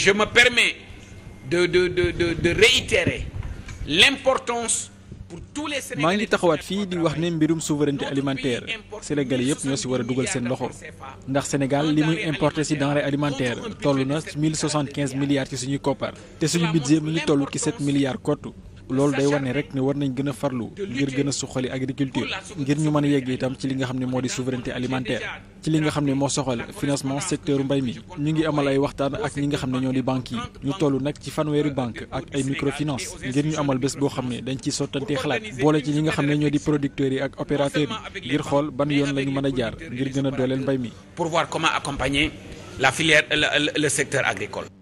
je me permets de de de de de réitérer l'importance pour tous les Sénégalais. maa ngi taxawaat fii di wax ni mbirum souveraineté alimentaire Sénégal yëpp ñoo si war a dugal seen loxo ndax Sénégal li muy importer si denrée alimentaire toll na 1075 milliards ci suñuy koppar te suñu budget mu ngi toll ci 7 milliards kottu. loolu day wane rek ne war nañ gën a farlu ngir gën a suqali agriculture ngir ñu mën a yegg itam ci li nga xam ne moo di souveraineté alimentaire ci li nga xam ne moo soxal financement secteur mbay mi ñu ngi amal ay waxtaan ak ñi nga xam ne ñoo di banques yi ñu toll nag ci fanweeri banque ak ay microfinance ngir ñu amal bés boo xam ne dañ ciy sottante xalaat boole ci ñi nga xam ne ñoo di producteurs yi ak opérateurs yi ngir xool ban yoon la ñu mën a jaar ngir gën a dooleel mbay mi pour voir comment accompagner la filière le secteur agricole